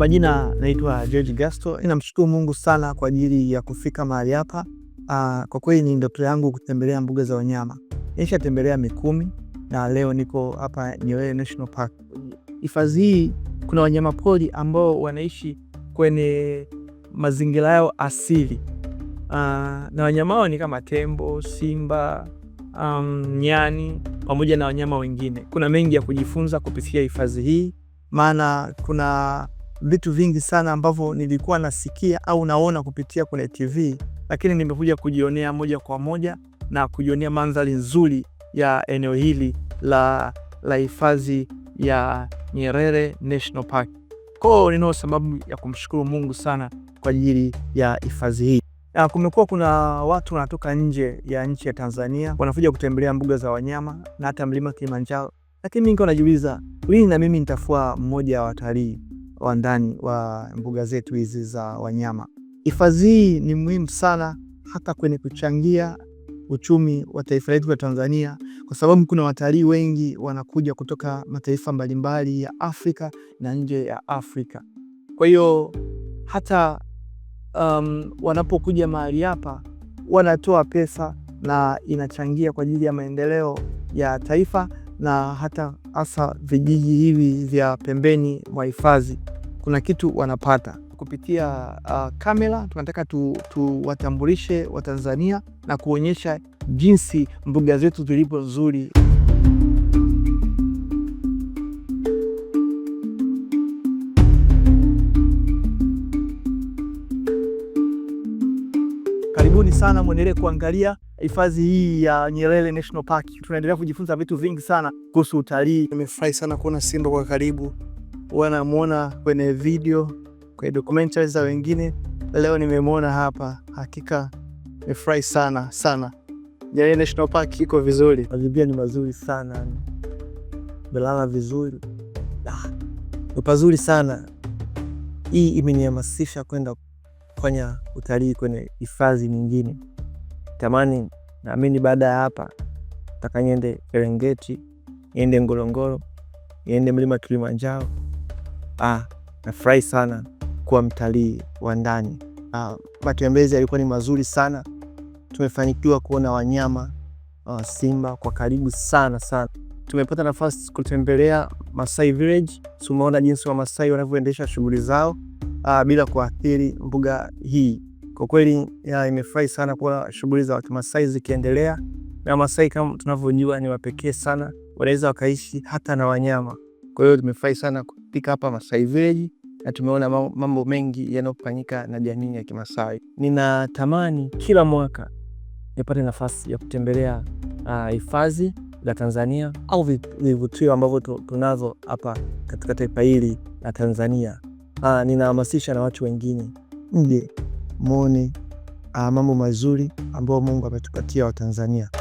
majina naitwa George Gasto. Ninamshukuru Mungu sana kwa ajili ya kufika mahali hapa. Ah, kwa kweli ni ndoto yangu kutembelea mbuga za wanyama. Nishatembelea Mikumi na leo niko hapa Nyerere National Park. Hifadhi hii kuna wanyama pori ambao wanaishi kwenye mazingira yao asili. Uh, na wanyama hao ni kama tembo, simba, um, nyani pamoja na wanyama wengine. Kuna mengi ya kujifunza kupitia hifadhi hii, maana kuna vitu vingi sana ambavyo nilikuwa nasikia au naona kupitia kwenye TV, lakini nimekuja kujionea moja kwa moja na kujionea mandhari nzuri ya eneo hili la la hifadhi ya Nyerere National Park. Kwao ninao sababu ya kumshukuru Mungu sana kwa ajili ya hifadhi hii. Kumekuwa kuna watu wanatoka nje ya nchi ya Tanzania wanakuja kutembelea mbuga za wanyama na hata mlima Kilimanjaro, lakini mingi najiuliza lini na mimi nitafua mmoja wa watalii wa ndani wa mbuga zetu hizi za wanyama. Hifadhi hii ni muhimu sana hata kwenye kuchangia uchumi wa taifa letu la Tanzania kwa sababu kuna watalii wengi wanakuja kutoka mataifa mbalimbali ya Afrika na nje ya Afrika. Kwa hiyo hata um, wanapokuja mahali hapa wanatoa pesa na inachangia kwa ajili ya maendeleo ya taifa na hata hasa vijiji hivi vya pembeni mwa hifadhi kuna kitu wanapata kupitia uh, kamera. Tunataka tuwatambulishe tu Watanzania na kuonyesha jinsi mbuga zetu zilivyo nzuri. Karibuni sana, mwendelee kuangalia hifadhi hii ya Nyerere National Park. Tunaendelea kujifunza vitu vingi sana kuhusu utalii. Nimefurahi sana kuona Sindo kwa karibu, huwa namwona kwenye video, kwenye documentary za wengine, leo nimemwona hapa. Hakika nimefurahi sana sana. Nyerere National Park iko vizuri, mazingira ni mazuri sana, belala vizuri, ni pazuri sana. Hii imenihamasisha kwenda kufanya utalii kwenye hifadhi nyingine tamani, naamini baada ya hapa nataka niende Serengeti, niende Ngorongoro, niende mlima Kilimanjaro. Ah, nafurahi sana kuwa mtalii wa ndani. Ah, matembezi yalikuwa ni mazuri sana, tumefanikiwa kuona wanyama ah, simba kwa karibu sana sana. Tumepata nafasi kutembelea Masai Village, tumeona jinsi Wamasai wanavyoendesha shughuli zao ah, bila kuathiri mbuga hii. Kwa kweli ya imefurahi sana kwa shughuli za Kimasai zikiendelea, na Masai kama tunavyojua ni wapekee sana, wanaweza wakaishi hata na wanyama. Kwa hiyo tumefurahi sana kufika hapa Masai Village na tumeona mambo mengi yanayofanyika na jamii ya Kimasai. Ninatamani kila mwaka nipate nafasi ya kutembelea hifadhi uh, za Tanzania au vivutio ambavyo tunazo hapa katika taifa hili la Tanzania. Uh, ninahamasisha na watu wengine mje muone ah, mambo mazuri ambayo Mungu ametupatia Watanzania.